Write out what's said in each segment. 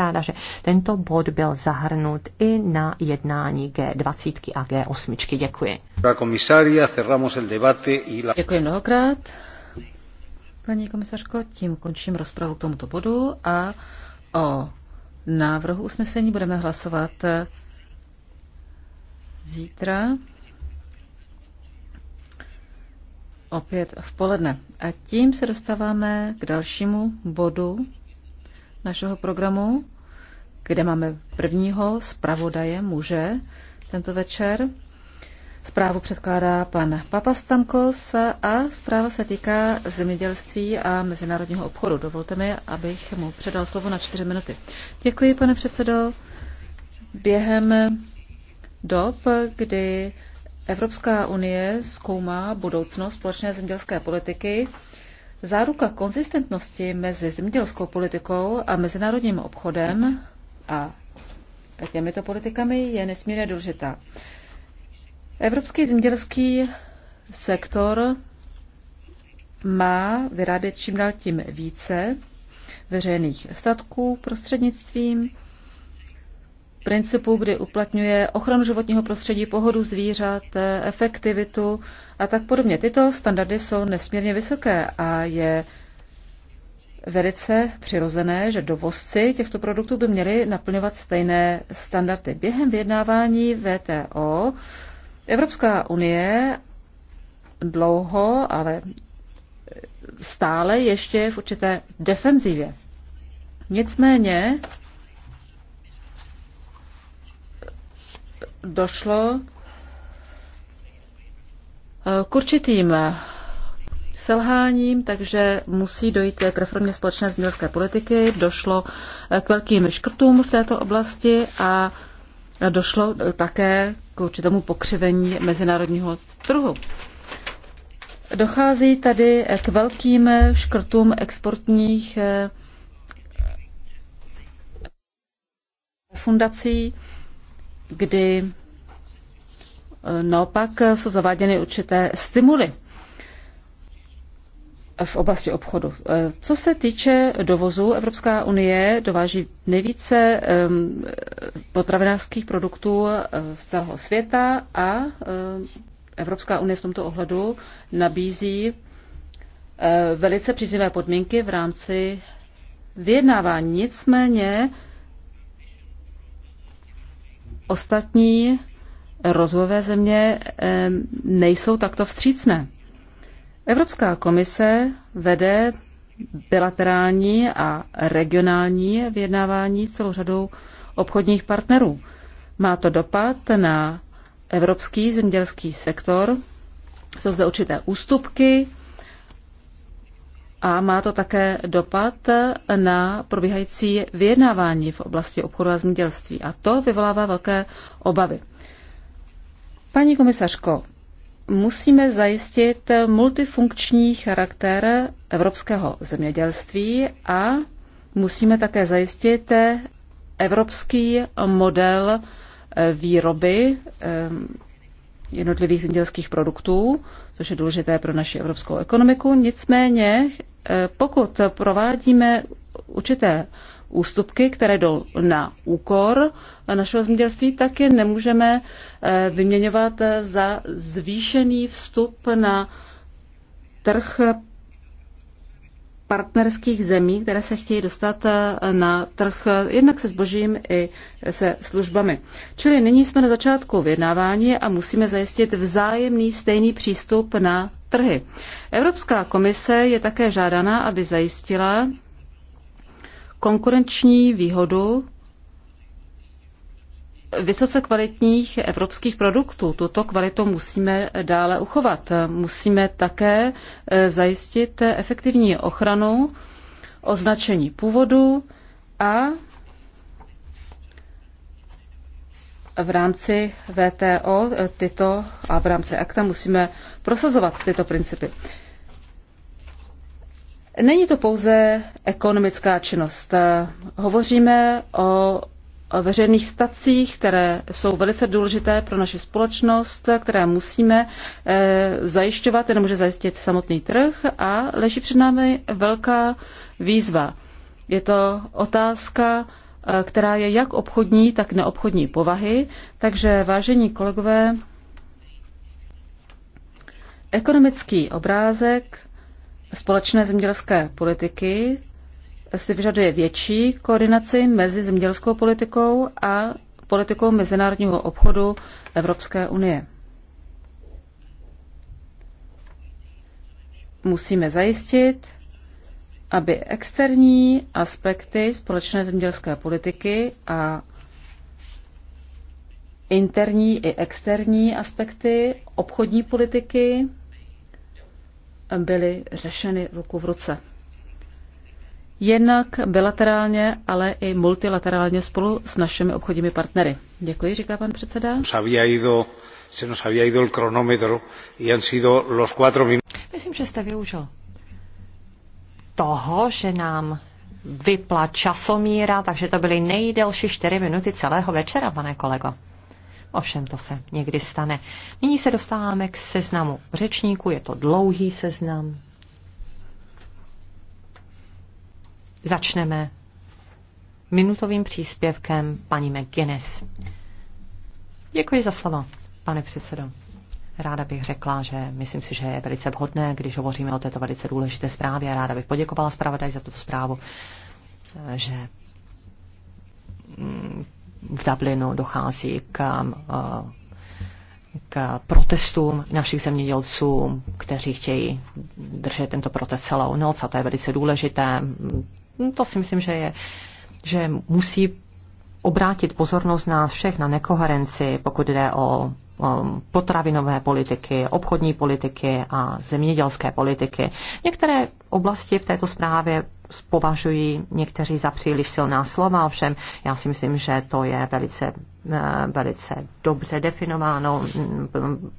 ráda, že tento bod byl zahrnut i na jednání G20 a G8. Děkuji. Děkuji mnohokrát. Paní komisařko, tím končím rozpravu k tomuto bodu a o návrhu usnesení budeme hlasovat zítra opět v poledne. A tím se dostáváme k dalšímu bodu našeho programu, kde máme prvního zpravodaje muže tento večer. Zprávu předkládá pan Papastamkos a zpráva se týká zemědělství a mezinárodního obchodu. Dovolte mi, abych mu předal slovo na čtyři minuty. Děkuji, pane předsedo. Během dob, kdy Evropská unie zkoumá budoucnost společné zemědělské politiky, Záruka konzistentnosti mezi zemědělskou politikou a mezinárodním obchodem a těmito politikami je nesmírně důležitá. Evropský zemědělský sektor má vyrábět čím dál tím více veřejných statků prostřednictvím principu, kdy uplatňuje ochranu životního prostředí, pohodu zvířat, eh, efektivitu a tak podobně. Tyto standardy jsou nesmírně vysoké a je velice přirozené, že dovozci těchto produktů by měli naplňovat stejné standardy. Během vyjednávání VTO Evropská unie dlouho, ale stále ještě v určité defenzivě. Nicméně došlo eh, k určitým eh, selháním, takže musí dojít k reformě společné zemědělské politiky. Došlo eh, k velkým škrtům v této oblasti a došlo také k určitému pokřivení mezinárodního trhu. Dochází tady k velkým škrtům exportních fundací kdy eh, naopak eh, jsou zaváděny určité stimuly v oblasti obchodu. Eh, co se týče dovozu, Evropská unie dováží nejvíce potravinářských produktů z celého světa a Evropská unie v tomto ohledu nabízí velice příznivé podmínky v rámci vyjednávání. Nicméně ostatní rozvojové země nejsou takto vstřícné. Evropská komise vede bilaterální a regionální vyjednávání s celou řadou obchodních partnerů. Má to dopad na evropský zemědělský sektor. Jsou zde určité ústupky, a má to také dopad na probíhající vyjednávání v oblasti obchodu a zemědělství. A to vyvolává velké obavy. Paní komisařko, musíme zajistit multifunkční charakter evropského zemědělství a musíme také zajistit evropský model výroby ehm, jednotlivých zemědělských produktů, což je důležité pro naši evropskou ekonomiku. Nicméně Eh, pokud provádíme určité ústupky, které jdou na úkor našeho zemědělství, tak je nemůžeme eh, vyměňovat za zvýšený vstup na trh partnerských zemí, které se chtějí dostat eh, na trh jednak se zbožím i se službami. Čili nyní jsme na začátku vyjednávání a musíme zajistit vzájemný stejný přístup na trhy. Evropská komise je také žádaná, aby zajistila konkurenční výhodu vysoce kvalitních evropských produktů. Tuto kvalitu musíme dále uchovat. Musíme také e, zajistit efektivní ochranu označení původu a v rámci VTO tyto a v rámci akta musíme prosazovat tyto principy. Není to pouze ekonomická činnost. Hovoříme o veřejných stacích, které jsou velice důležité pro naši společnost, které musíme eh, zajišťovat, které může zajistit samotný trh a leží před námi velká výzva. Je to otázka Eh, která je jak obchodní, tak neobchodní povahy. Takže, vážení kolegové, ekonomický obrázek společné zemědělské politiky si vyžaduje větší koordinaci mezi zemědělskou politikou a politikou mezinárodního obchodu Evropské unie. Musíme zajistit, aby externí aspekty společné zemědělské politiky a interní i externí aspekty obchodní politiky byly řešeny ruku v ruce. Jednak bilaterálně, ale i multilaterálně spolu s našimi obchodními partnery. Děkuji, říká pan předseda. Se nos había ido el cronómetro y han sido los cuatro minutos. Myslím, že jste využil toho, že nám vypla časomíra, takže to byly nejdelší čtyři minuty celého večera, pane kolego. Ovšem to se někdy stane. Nyní se dostáváme k seznamu řečníků, je to dlouhý seznam. Začneme minutovým příspěvkem paní McGuinness. Děkuji za slovo, pane předsedo. Ráda bych řekla, že myslím si, že je velice vhodné, když hovoříme o této velice důležité zprávě. Ráda bych poděkovala zpravodaj za tuto zprávu, že mm, v Dublinu dochází k, eh, k protestům našich zemědělců, kteří chtějí držet tento protest celou noc a to je velice důležité. To si myslím, že, je, že musí obrátit pozornost nás všech na nekoherenci, pokud jde o Um, potravinové politiky, obchodní politiky a zemědělské politiky. Některé oblasti v této zprávě považují někteří za příliš silná slova, ovšem já si myslím, že to je velice, eh, velice dobře definováno. Mm,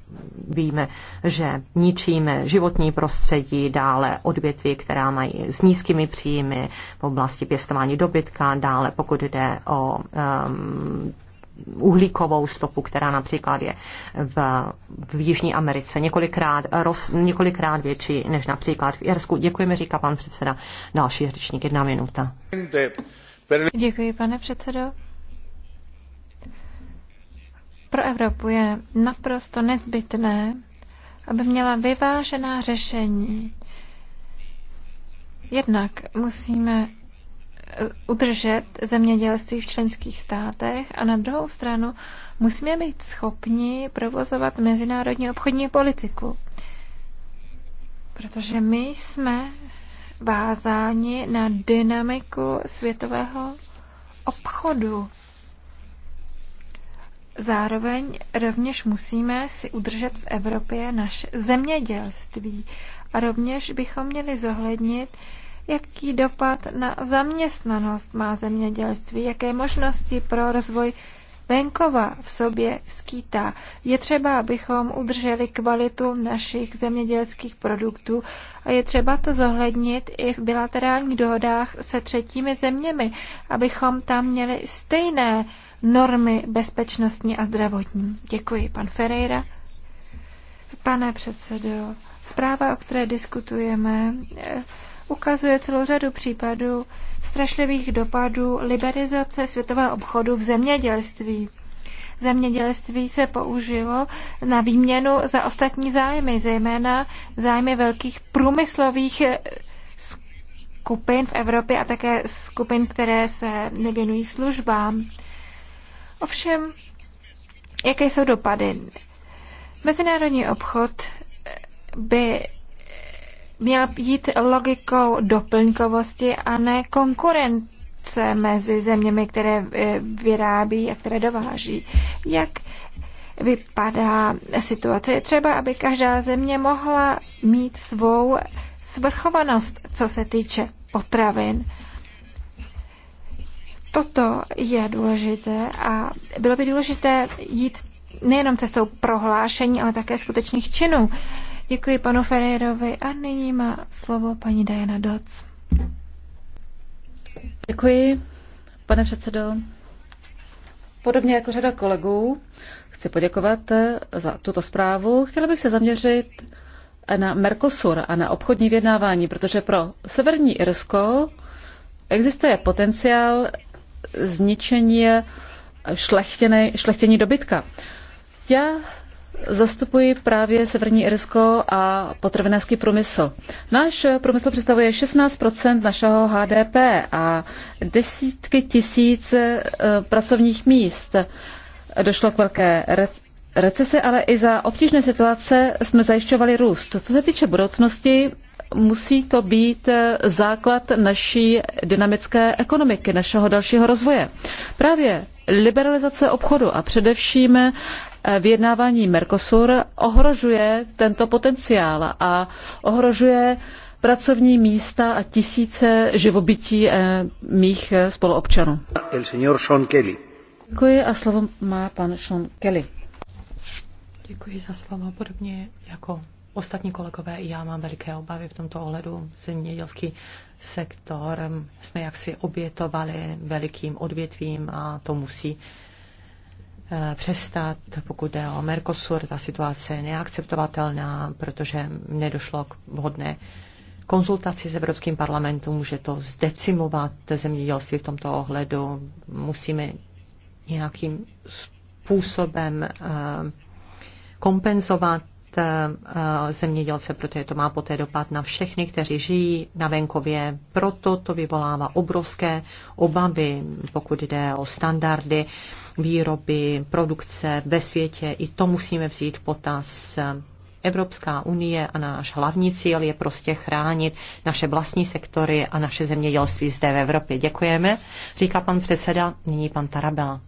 víme, že ničíme životní prostředí, dále odvětví, která mají s nízkými příjmy v oblasti pěstování dobytka, dále pokud jde o um, uhlíkovou stopu, která například je v, v Jižní Americe několikrát, roz, několikrát větší než například v Irsku. Děkujeme, říká pan předseda. Další řečník, jedna minuta. Děkuji, pane předsedo. Pro Evropu je naprosto nezbytné, aby měla vyvážená řešení. Jednak musíme udržet zemědělství v členských státech a na druhou stranu musíme být schopni provozovat mezinárodní obchodní politiku. Protože my jsme vázáni na dynamiku světového obchodu. Zároveň rovněž musíme si udržet v Evropě naše zemědělství a rovněž bychom měli zohlednit, jaký dopad na zaměstnanost má zemědělství, jaké možnosti pro rozvoj venkova v sobě skýtá. Je třeba, abychom udrželi kvalitu našich zemědělských produktů a je třeba to zohlednit i v bilaterálních dohodách se třetími zeměmi, abychom tam měli stejné normy bezpečnostní a zdravotní. Děkuji, pan Ferreira. Pane předsedo, zpráva, o které diskutujeme, eh, ukazuje celou řadu případů strašlivých dopadů liberalizace světového obchodu v zemědělství. Zemědělství se použilo na výměnu za ostatní zájmy, zejména zájmy velkých průmyslových skupin v Evropě a také skupin, které se nevěnují službám. Ovšem, jaké jsou dopady? Mezinárodní obchod by měl jít logikou doplňkovosti a ne konkurence mezi zeměmi, které eh, vyrábí a které dováží. Jak vypadá situace? Je třeba, aby každá země mohla mít svou svrchovanost, co se týče potravin. Toto je důležité a bylo by důležité jít nejenom cestou prohlášení, ale také skutečných činů. Děkuji panu Ferreirovi a nyní má slovo paní Diana Doc. Děkuji, pane předsedo. Podobně jako řada kolegů, chci poděkovat za tuto zprávu. Chtěla bych se zaměřit na Mercosur a na obchodní vyjednávání, protože pro Severní Irsko existuje potenciál zničení šlechtění dobytka. Já Zastupuji právě Severní Irsko a potravinářský průmysl. Náš průmysl představuje 16 našeho HDP a desítky tisíc eh, pracovních míst. Došlo k velké recese, ale i za obtížné situace jsme zajišťovali růst. Co se týče budoucnosti, musí to být eh, základ naší dynamické ekonomiky, našeho dalšího rozvoje. Právě liberalizace obchodu a především Eh, vyjednávání Mercosur ohrožuje tento potenciál a ohrožuje pracovní místa a tisíce živobytí eh, mých eh, spoluobčanů. El señor Sean Kelly. Děkuji a slovo má pan Sean Kelly. Děkuji za slovo. Podobně jako ostatní kolegové i já mám veliké obavy v tomto ohledu. Zemědělský sektor jsme jaksi obětovali velikým odvětvím a to musí Eh, přestat, pokud jde o Mercosur. Ta situace je neakceptovatelná, protože nedošlo k vhodné konzultaci s Evropským parlamentem. Může to zdecimovat zemědělství v tomto ohledu. Musíme nějakým způsobem eh, kompenzovat eh, zemědělce, protože to má poté dopad na všechny, kteří žijí na venkově. Proto to vyvolává obrovské obavy, pokud jde o standardy výroby, produkce ve světě. I to musíme vzít v potaz. Evropská unie a náš hlavní cíl je prostě chránit naše vlastní sektory a naše zemědělství zde v Evropě. Děkujeme, říká pan předseda, nyní pan Tarabela.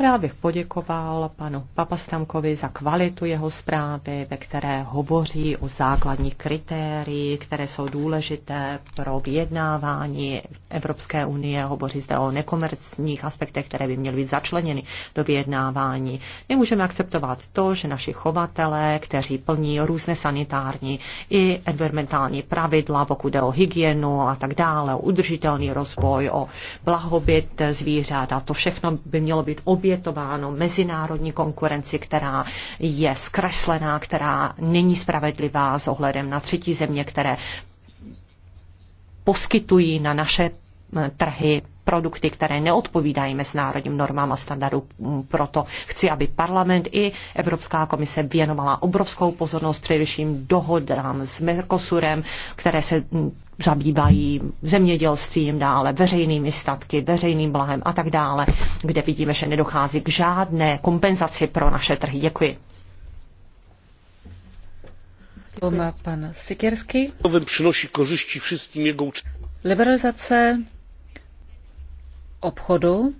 Rád bych poděkoval panu Papastamkovi za kvalitu jeho zprávy, ve které hovoří o základních kritérii, které jsou důležité pro vyjednávání Evropské unie. Hovoří zde o nekomerčních aspektech, které by měly být začleněny do vyjednávání. Nemůžeme akceptovat to, že naši chovatele, kteří plní různé sanitární i environmentální pravidla, pokud jde o hygienu a tak dále, o udržitelný rozvoj, o blahobyt zvířat a to všechno by mělo být obě obětováno mezinárodní konkurenci, která je zkreslená, která není spravedlivá s ohledem na třetí země, které poskytují na naše eh, trhy produkty, které neodpovídají mezinárodním normám a standardům. Proto chci, aby parlament i Evropská komise věnovala obrovskou pozornost především dohodám s Mercosurem, které se mm, zabývají zemědělstvím dále, veřejnými statky, veřejným blahem a tak dále, kde vidíme, že nedochází k žádné kompenzaci pro naše trhy. Děkuji. má pan Sikersky. Přinosí kořišti všem jeho Liberalizace obchodu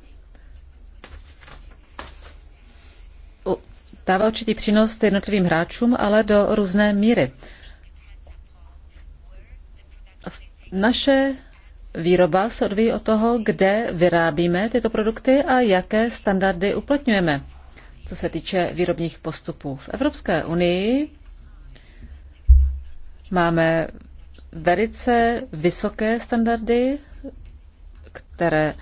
dává určitý přínos jednotlivým hráčům, ale do různé míry. Naše výroba se odvíjí od toho, kde vyrábíme tyto produkty a jaké standardy uplatňujeme, co se týče výrobních postupů. V Evropské unii máme velice vysoké standardy, které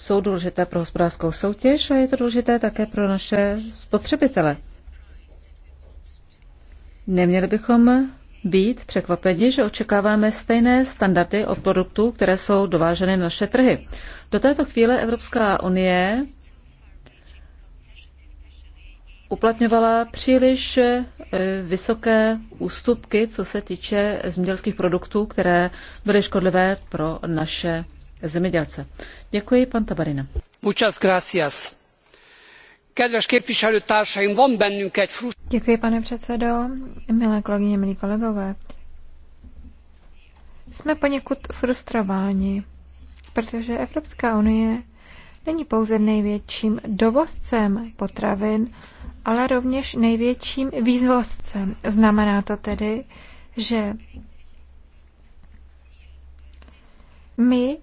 jsou důležité pro hospodářskou soutěž a je to důležité také pro naše spotřebitele. Neměli bychom být překvapeni, že očekáváme stejné standardy od produktů, které jsou dováženy na naše trhy. Do této chvíle Evropská unie uplatňovala příliš eh, vysoké ústupky, co se týče zemědělských produktů, které byly škodlivé pro naše zemědělce. Děkuji, pan Tabarina. Muchas gracias. Kedves képviselőtársaim, van bennünk egy Děkuji, pane předsedo, milé kolegyně, milí kolegové. Jsme poněkud frustrováni, protože Evropská unie není pouze největším dovozcem potravin, ale rovněž největším vývozcem. Znamená to tedy, že my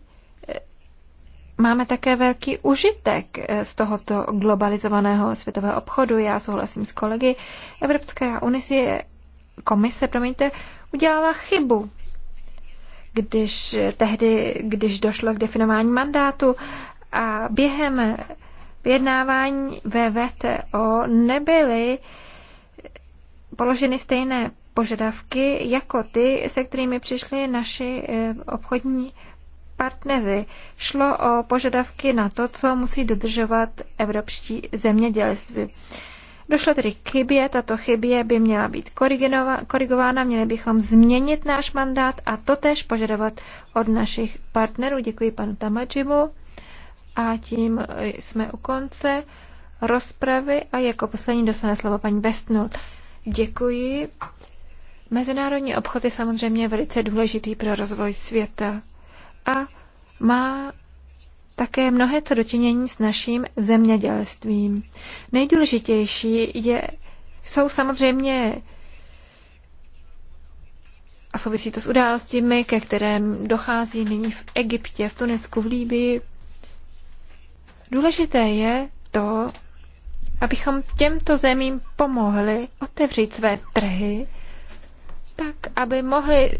máme také velký užitek eh, z tohoto globalizovaného světového obchodu. Já souhlasím s kolegy. Evropská unie, komise, promiňte, udělala chybu, když eh, tehdy, když došlo k definování mandátu a během vyjednávání ve VTO nebyly eh, položeny stejné požadavky jako ty, se kterými přišli naši obchodní partneři. Šlo o požadavky na to, co musí dodržovat evropští zemědělství. Došlo tedy k chybě, tato chybě by měla být korigována, měli bychom změnit náš mandát a to též požadovat od našich partnerů. Děkuji panu Tamajimu a tím jsme u konce rozpravy a jako poslední dostane slovo paní Westnul. Děkuji. Mezinárodní obchod je samozřejmě velice důležitý pro rozvoj světa a má také mnohé co dočinění s naším zemědělstvím. Nejdůležitější je, jsou samozřejmě a souvisí to s událostmi, ke kterém dochází nyní v Egyptě, v Tunisku, v Líbii. Důležité je to, abychom těmto zemím pomohli otevřít své trhy, tak aby mohli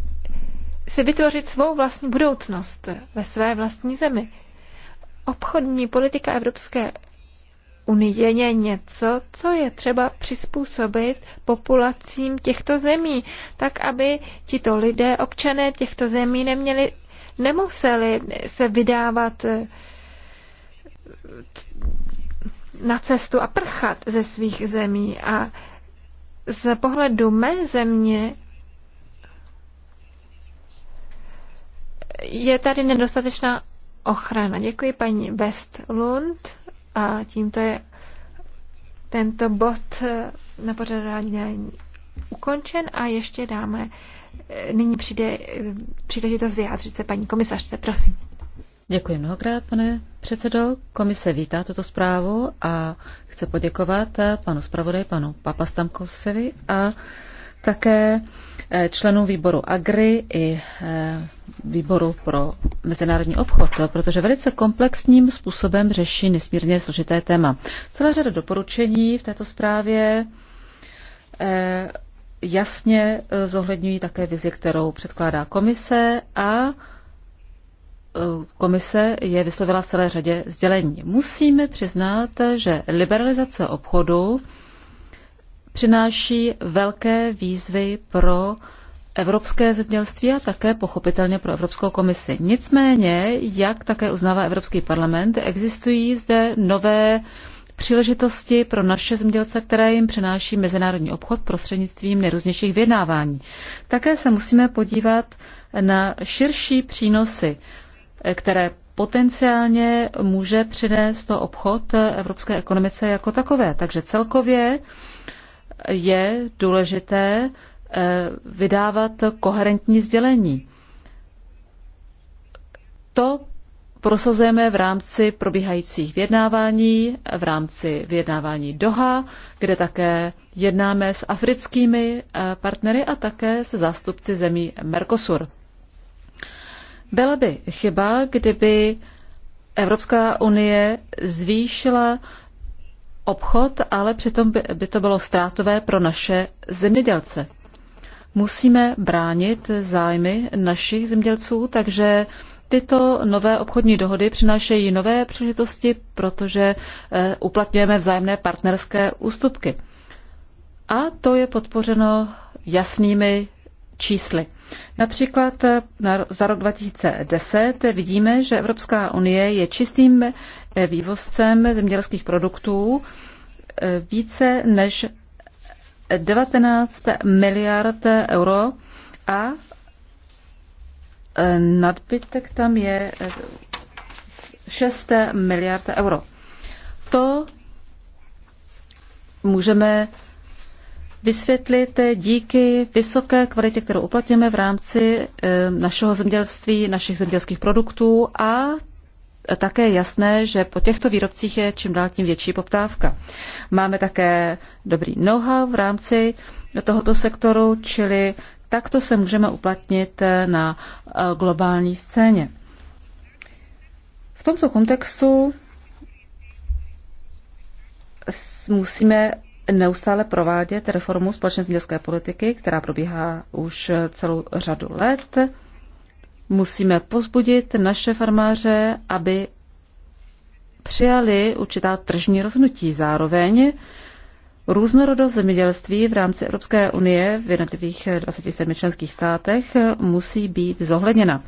si vytvořit svou vlastní budoucnost ve své vlastní zemi. Obchodní politika Evropské unie je něco, co je třeba přizpůsobit populacím těchto zemí, tak aby tito lidé, občané těchto zemí neměli, nemuseli se vydávat eh, na cestu a prchat ze svých zemí. A z pohledu mé země je tady nedostatečná ochrana. Děkuji paní Bestlund a tímto je tento bod eh, na pořadání ukončen a ještě dáme, eh, nyní přijde eh, příležitost vyjádřit se paní komisařce, prosím. Děkuji mnohokrát, pane předsedo. Komise vítá tuto zprávu a chce poděkovat panu zpravodaji, panu Papastamkosevi a také eh, členů výboru Agri i eh, výboru pro mezinárodní obchod, protože velice komplexním způsobem řeší nesmírně složité téma. Celá řada doporučení v této zprávě eh, jasně zohledňují také vizi, kterou předkládá komise a komise je vyslovila v celé řadě sdělení. Musíme přiznat, že liberalizace obchodu přináší velké výzvy pro evropské zemědělství a také pochopitelně pro Evropskou komisi. Nicméně, jak také uznává Evropský parlament, existují zde nové příležitosti pro naše zemědělce, které jim přináší mezinárodní obchod prostřednictvím nejrůznějších vyjednávání. Také se musíme podívat na širší přínosy, které potenciálně může přinést to obchod evropské ekonomice jako takové. Takže celkově je důležité eh, vydávat koherentní sdělení. To prosazujeme v rámci probíhajících vyjednávání, v rámci vyjednávání Doha, kde také jednáme s africkými eh, partnery a také se zástupci zemí Mercosur. Byla by chyba, kdyby Evropská unie zvýšila obchod, ale přitom by, by to bylo ztrátové pro naše zemědělce. Musíme bránit zájmy našich zemědělců, takže tyto nové obchodní dohody přinášejí nové příležitosti, protože eh, uplatňujeme vzájemné partnerské ústupky. A to je podpořeno jasnými čísly. Například eh, za rok 2010 vidíme, že Evropská unie je čistým eh, vývozcem zemědělských produktů eh, více než 19 miliard euro a nadbytek tam je 6 miliard euro. To můžeme vysvětlit eh, díky vysoké kvalitě, kterou uplatňujeme v rámci eh, našeho zemědělství, našich zemědělských produktů a také je jasné, že po těchto výrobcích je čím dál tím větší poptávka. Máme také dobrý know-how v rámci tohoto sektoru, čili takto se můžeme uplatnit eh, na globální scéně. V tomto kontextu musíme neustále provádět reformu společné zemědělské politiky, která probíhá už celou řadu let. Musíme pozbudit naše farmáře, aby přijali určitá tržní rozhodnutí. Zároveň různorodost zemědělství v rámci Evropské unie v jednotlivých 27 členských státech musí být zohledněna.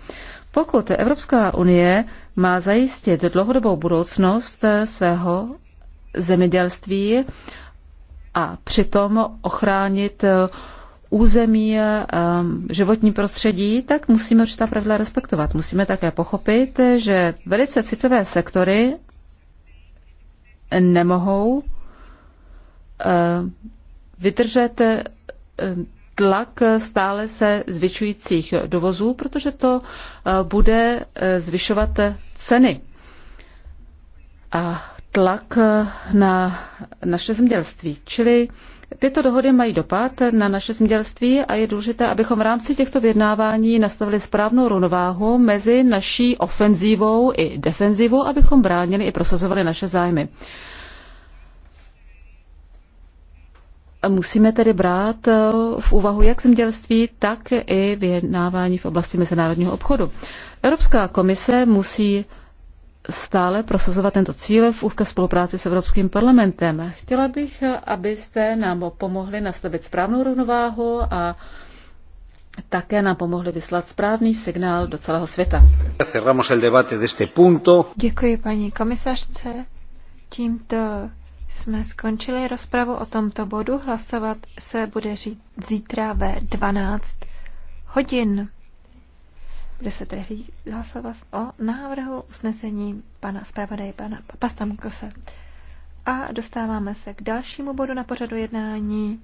Pokud Evropská unie má zajistit dlouhodobou budoucnost svého zemědělství a přitom ochránit eh, území, eh, životní prostředí, tak musíme určitá pravidla respektovat. Musíme také pochopit, že velice citlivé sektory nemohou eh, vydržet tlak stále se zvyšujících dovozů, protože to bude zvyšovat ceny. A tlak eh, na naše zemědělství. Čili tyto dohody mají dopad na naše zemědělství a je důležité, abychom v rámci těchto vyjednávání nastavili správnou rovnováhu mezi naší ofenzívou i defenzívou, abychom bránili i prosazovali naše zájmy. Musíme tedy brát eh, v úvahu jak zemědělství, tak i vyjednávání v oblasti mezinárodního obchodu. Evropská komise musí stále prosazovat tento cíl v úzké spolupráci s Evropským parlamentem. Chtěla bych, abyste nám pomohli nastavit správnou rovnováhu a také nám pomohli vyslat správný signál do celého světa. Děkuji paní komisařce. Tímto jsme skončili rozpravu o tomto bodu. Hlasovat se bude zítra ve 12 hodin. Bude se tedy hlasovat o návrhu usnesení pana zpravodaje, pana Pastamkose. A dostáváme se k dalšímu bodu na pořadu jednání.